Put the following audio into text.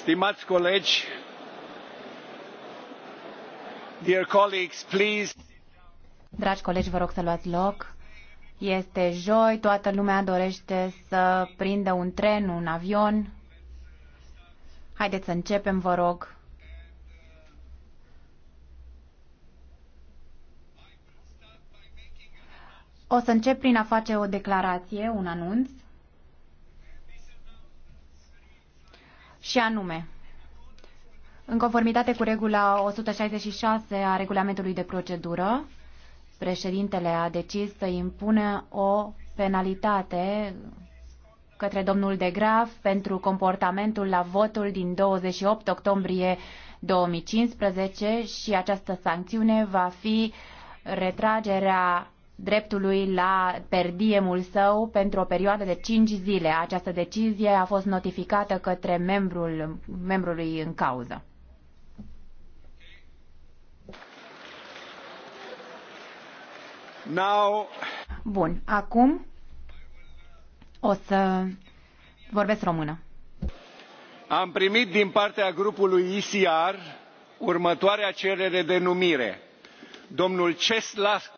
Stimați colegi, dear colleagues, please. Dragi colegi, vă rog să luați loc. Este joi, toată lumea dorește să prindă un tren, un avion. Haideți să începem, vă rog. O să încep prin a face o declarație, un anunț. și anume, în conformitate cu regula 166 a regulamentului de procedură, președintele a decis să impune o penalitate către domnul de Graf pentru comportamentul la votul din 28 octombrie 2015 și această sancțiune va fi retragerea dreptului la perdiemul său pentru o perioadă de 5 zile. Această decizie a fost notificată către membrul, membrului în cauză. Now... Bun, acum o să vorbesc română. Am primit din partea grupului ICR următoarea cerere de numire. Domnul Ceslav